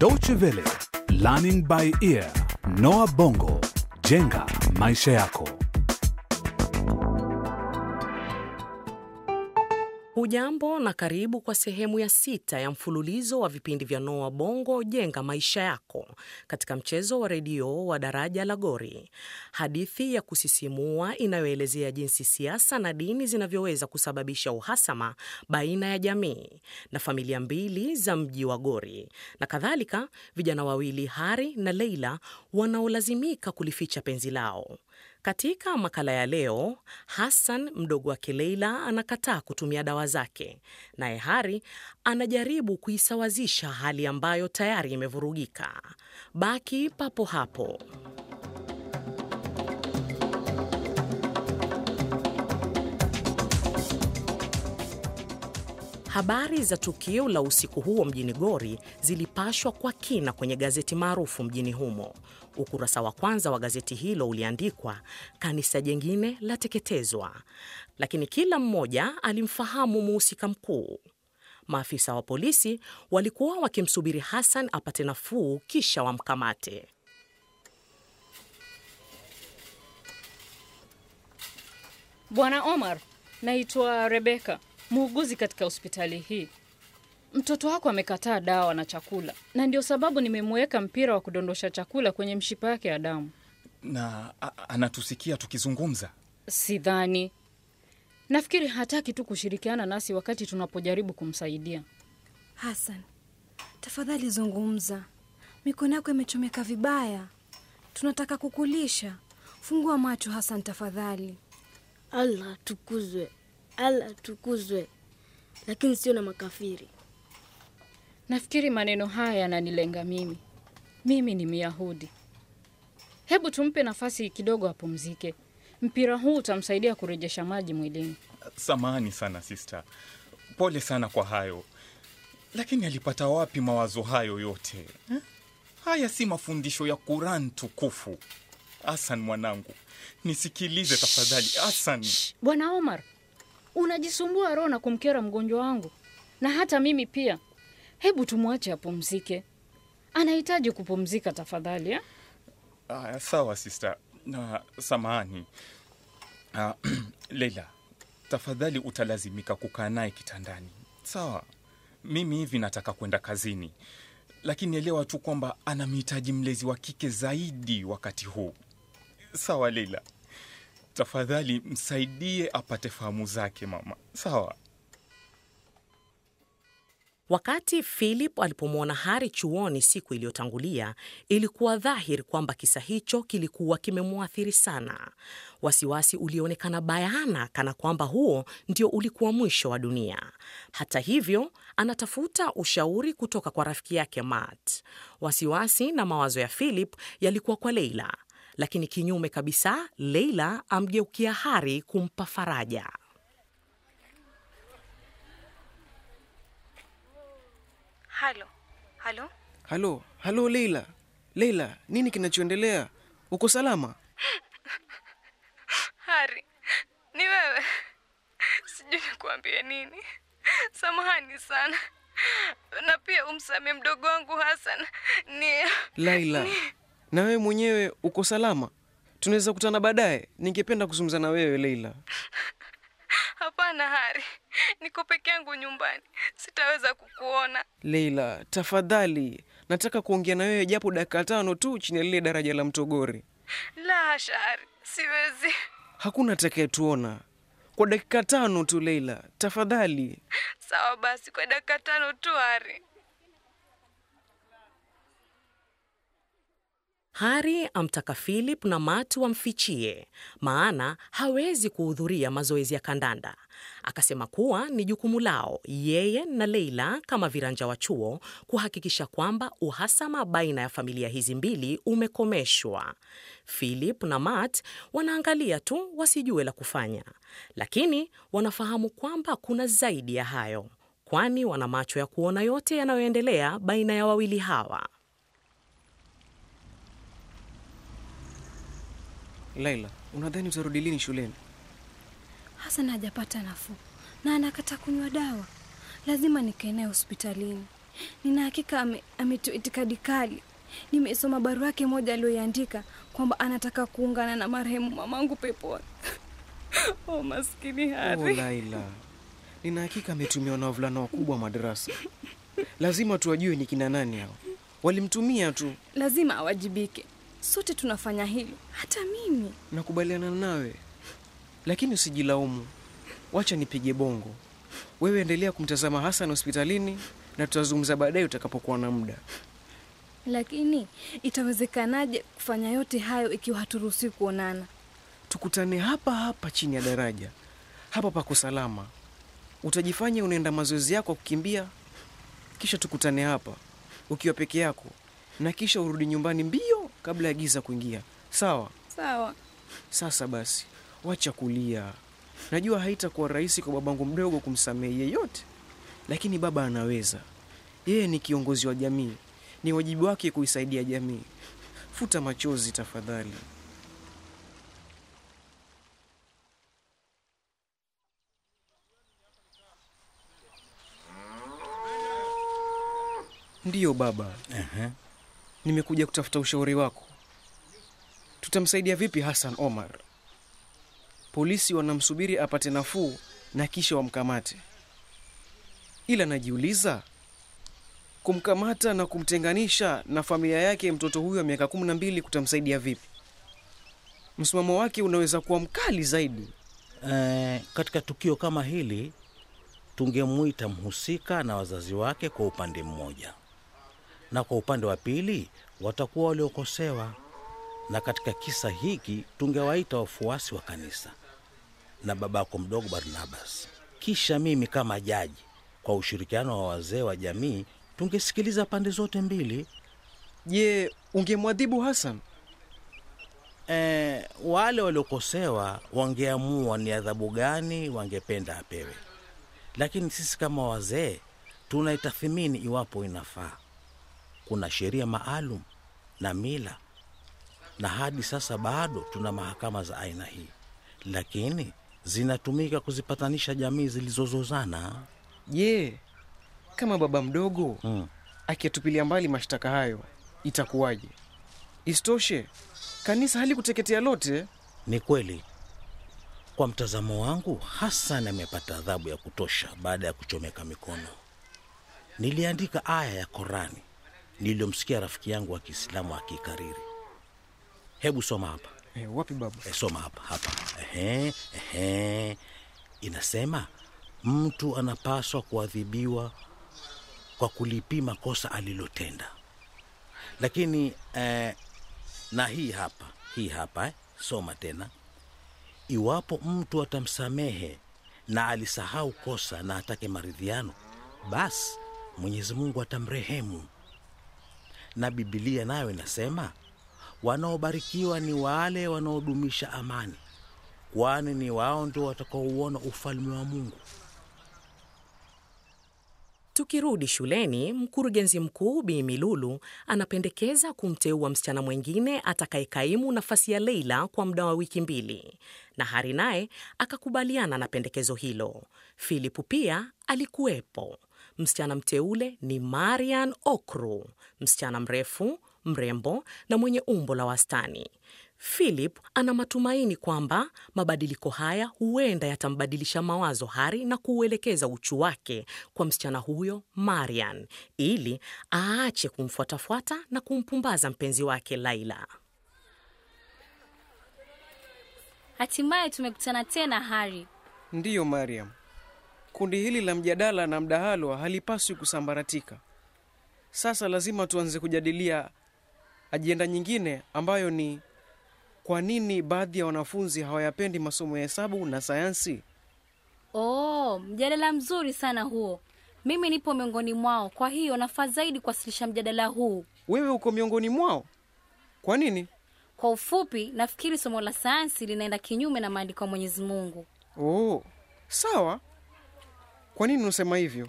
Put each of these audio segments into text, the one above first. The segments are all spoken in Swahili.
Deutsche Welle, Learning by Ear. Noah Bongo, Jenga Maisha Yako. Hujambo na karibu kwa sehemu ya sita ya mfululizo wa vipindi vya Noa Bongo jenga maisha yako katika mchezo wa redio wa daraja la Gori, hadithi ya kusisimua inayoelezea jinsi siasa na dini zinavyoweza kusababisha uhasama baina ya jamii na familia mbili za mji wa Gori na kadhalika, vijana wawili Hari na Leila wanaolazimika kulificha penzi lao. Katika makala ya leo, Hassan mdogo wake Leila anakataa kutumia dawa zake, naye Hari anajaribu kuisawazisha hali ambayo tayari imevurugika. Baki papo hapo. Habari za tukio la usiku huo mjini Gori zilipashwa kwa kina kwenye gazeti maarufu mjini humo. Ukurasa wa kwanza wa gazeti hilo uliandikwa kanisa jengine lateketezwa, lakini kila mmoja alimfahamu muhusika mkuu. Maafisa wa polisi walikuwa wakimsubiri Hassan apate nafuu kisha wamkamate. Bwana Omar, naitwa Rebeka, muuguzi katika hospitali hii. Mtoto wako amekataa dawa na chakula, na ndio sababu nimemweka mpira wa kudondosha chakula kwenye mshipa yake ya damu, na anatusikia tukizungumza. Sidhani, nafikiri hataki tu kushirikiana nasi wakati tunapojaribu kumsaidia. Hasan, tafadhali zungumza, mikono yako imechomeka vibaya, tunataka kukulisha. Fungua macho Hasan, tafadhali. Allah tukuzwe, Allah tukuzwe, lakini sio na makafiri. Nafikiri maneno haya yananilenga mimi. Mimi ni Myahudi. Hebu tumpe nafasi kidogo apumzike. Mpira huu utamsaidia kurejesha maji mwilini. Samahani sana sista, pole sana kwa hayo, lakini alipata wapi mawazo hayo yote eh? Haya si mafundisho ya Quran tukufu. Hasan mwanangu, nisikilize tafadhali. Hasan bwana Omar, unajisumbua roho na kumkera mgonjwa wangu na hata mimi pia. Hebu tumwache apumzike, anahitaji kupumzika tafadhali. Ah, sawa sista. Na samahani ah, Leila, tafadhali utalazimika kukaa naye kitandani, sawa? Mimi hivi nataka kwenda kazini, lakini elewa tu kwamba anamhitaji mlezi wa kike zaidi wakati huu, sawa Leila? Tafadhali msaidie apate fahamu zake, mama, sawa? Wakati Philip alipomwona Hari chuoni siku iliyotangulia, ilikuwa dhahiri kwamba kisa hicho kilikuwa kimemwathiri sana. Wasiwasi ulionekana bayana, kana kwamba huo ndio ulikuwa mwisho wa dunia. Hata hivyo, anatafuta ushauri kutoka kwa rafiki yake Matt. Wasiwasi na mawazo ya Philip yalikuwa kwa Leila, lakini kinyume kabisa, Leila amgeukia Hari kumpa faraja. Halo, halo, halo, halo, Leila, Leila, nini kinachoendelea? Uko salama? Hari, ni wewe? Sijui nikuambie nini. Samahani sana, na pia umsamie mdogo wangu Hasan. Ni Laila, ni... na wewe mwenyewe uko salama? Tunaweza kutana baadaye, ningependa kuzungumza na wewe Leila. sana Hari, niko peke yangu nyumbani, sitaweza kukuona. Leila, tafadhali, nataka kuongea na wewe japo dakika tano tu chini ya lile daraja la Mtogori. La hasha Hari, siwezi. Hakuna atakayetuona kwa dakika tano tu Leila, tafadhali. Sawa basi, kwa dakika tano tu Hari. Hari amtaka Philip na Matu wamfichie, maana hawezi kuhudhuria mazoezi ya kandanda. Akasema kuwa ni jukumu lao yeye na Leila kama viranja wa chuo kuhakikisha kwamba uhasama baina ya familia hizi mbili umekomeshwa. Philip na Mat wanaangalia tu wasijue la kufanya, lakini wanafahamu kwamba kuna zaidi ya hayo, kwani wana macho ya kuona yote yanayoendelea baina ya wawili hawa. Laila, unadhani utarudi lini shuleni? Hasan hajapata nafuu na anakata kunywa dawa. Lazima nikae hospitalini. Nina hakika ametu itikadi kali. Nimesoma barua yake moja aliyoiandika kwamba anataka kuungana na marehemu mamangu peponi. oh, maskini Hari. Oh, Laila, nina hakika ametumiwa na wavulana wakubwa madarasa. Lazima tuwajue ni kina nani hao. Walimtumia tu, lazima awajibike. Sote tunafanya hilo, hata mimi nakubaliana nawe, lakini usijilaumu. Wacha nipige bongo, wewe endelea kumtazama Hasan hospitalini na tutazungumza baadaye utakapokuwa na muda. Lakini itawezekanaje kufanya yote hayo ikiwa haturuhusi kuonana? Tukutane hapa hapa chini ya daraja, hapa pako salama. Utajifanya unaenda mazoezi yako ya kukimbia, kisha tukutane hapa ukiwa peke yako, na kisha urudi nyumbani mbio kabla ya giza kuingia. Sawa sawa. Sasa basi, wacha kulia. Najua haitakuwa rahisi kwa babangu mdogo kumsamehe yeyote, lakini baba anaweza. Yeye ni kiongozi wa jamii, ni wajibu wake kuisaidia jamii. Futa machozi tafadhali. Ndiyo baba. uh -huh nimekuja kutafuta ushauri wako. Tutamsaidia vipi Hassan Omar? Polisi wanamsubiri apate nafuu na kisha wamkamate, ila najiuliza kumkamata na kumtenganisha na familia yake mtoto huyo wa miaka kumi na mbili kutamsaidia vipi? Msimamo wake unaweza kuwa mkali zaidi. E, katika tukio kama hili tungemwita mhusika na wazazi wake kwa upande mmoja na kwa upande wa pili watakuwa waliokosewa. Na katika kisa hiki tungewaita wafuasi wa kanisa na babako mdogo Barnabas. Kisha mimi kama jaji, kwa ushirikiano wa wazee wa jamii, tungesikiliza pande zote mbili. Je, ungemwadhibu Hasan? E, wale waliokosewa wangeamua ni adhabu gani wangependa apewe, lakini sisi kama wazee tunaitathimini iwapo inafaa kuna sheria maalum na mila, na hadi sasa bado tuna mahakama za aina hii, lakini zinatumika kuzipatanisha jamii zilizozozana. Je, kama baba mdogo hmm, akiyatupilia mbali mashtaka hayo itakuwaje? Isitoshe, kanisa halikuteketea lote. Ni kweli. Kwa mtazamo wangu, Hasani amepata adhabu ya kutosha baada ya kuchomeka mikono. Niliandika aya ya Korani nililomsikia rafiki yangu wa Kiislamu akikariri. Hebu soma hapa. E, wapi babu? E, soma hapa hapa. Ehe, ehe. Inasema mtu anapaswa kuadhibiwa kwa kulipima kosa alilotenda, lakini eh, na hii hapa hii hapa eh, soma tena. Iwapo mtu atamsamehe na alisahau kosa na atake maridhiano, basi Mwenyezi Mungu atamrehemu na Biblia nayo inasema wanaobarikiwa ni wale wanaodumisha amani, kwani ni wao ndio watakaouona ufalme wa Mungu. Tukirudi shuleni, mkurugenzi mkuu Bi Milulu anapendekeza kumteua msichana mwingine atakayekaimu nafasi ya Leila kwa muda wa wiki mbili, na Hari naye akakubaliana na pendekezo hilo. Filipu pia alikuwepo. Msichana mteule ni Marian Okru, msichana mrefu, mrembo na mwenye umbo la wastani. Philip ana matumaini kwamba mabadiliko haya huenda yatambadilisha mawazo Hari na kuuelekeza uchu wake kwa msichana huyo Marian, ili aache kumfuatafuata na kumpumbaza mpenzi wake Laila. Hatimaye tumekutana tena Hari. Ndiyo Mariam, Kundi hili la mjadala na mdahalwa halipaswi kusambaratika. Sasa lazima tuanze kujadilia ajenda nyingine ambayo ni kwa nini baadhi ya wanafunzi hawayapendi masomo ya hesabu na sayansi. Oh, mjadala mzuri sana huo. Mimi nipo miongoni mwao, kwa hiyo nafaa zaidi kuwasilisha mjadala huu. Wewe uko miongoni mwao? Kwa nini? Kwa ufupi, nafikiri somo la sayansi linaenda kinyume na maandiko ya Mwenyezi Mungu. Oh, sawa. Kwa nini unasema hivyo?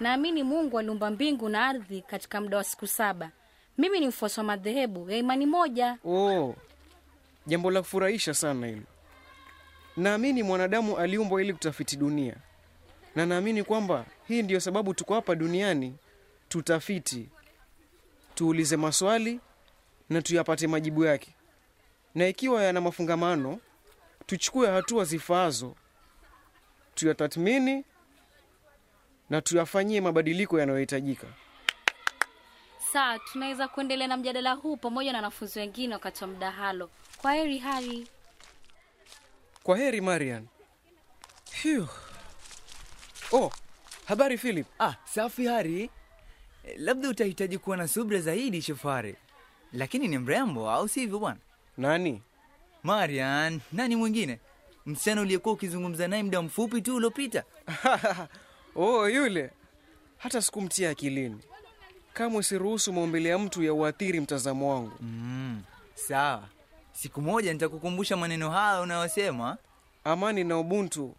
Naamini Mungu aliumba mbingu na ardhi katika muda wa siku saba. Mimi ni mfuasi wa madhehebu ya imani moja. Oh, jambo la kufurahisha sana hilo. Naamini mwanadamu aliumbwa ili kutafiti dunia, na naamini kwamba hii ndiyo sababu tuko hapa duniani, tutafiti, tuulize maswali na tuyapate majibu yake, na ikiwa yana mafungamano, tuchukue hatua zifaazo, tuyatathmini na tuyafanyie mabadiliko yanayohitajika. Saa tunaweza kuendelea na mjadala huu pamoja na wanafunzi wengine wakati wa mdahalo. Kwa heri Hari. Kwa heri Marian. Phew. Oh, habari Philip. Ah, safi Hari. Eh, labda utahitaji kuwa na subra zaidi Shofari, lakini ni mrembo, au sivyo bwana? Nani? Marian. Nani mwingine? Msichana uliyekuwa ukizungumza naye muda mfupi tu uliopita. Oh, yule hata sikumtia akilini. Kamwe siruhusu maumbile ya mtu ya uathiri mtazamo wangu. Mm, sawa, siku moja nitakukumbusha maneno hayo unayosema. Amani na ubuntu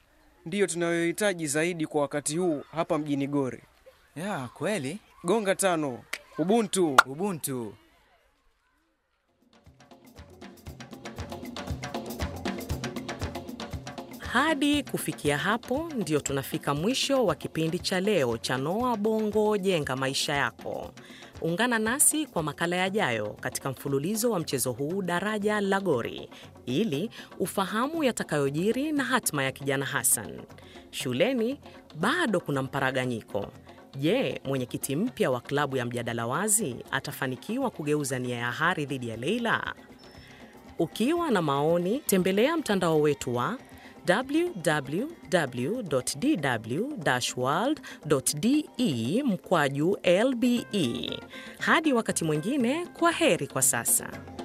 ndiyo tunayohitaji zaidi kwa wakati huu hapa mjini Gori. Ya kweli. Gonga tano. Ubuntu, ubuntu. Hadi kufikia hapo, ndio tunafika mwisho wa kipindi cha leo cha Noa Bongo Jenga Maisha Yako. Ungana nasi kwa makala yajayo katika mfululizo wa mchezo huu Daraja la Gori, ili ufahamu yatakayojiri na hatima ya kijana Hassan. Shuleni bado kuna mparaganyiko. Je, mwenyekiti mpya wa klabu ya mjadala wazi atafanikiwa kugeuza nia ya Hari dhidi ya Leila? Ukiwa na maoni, tembelea mtandao wetu wa www.dw-world.de mkwaju lbe. Hadi wakati mwingine, kwa heri kwa sasa.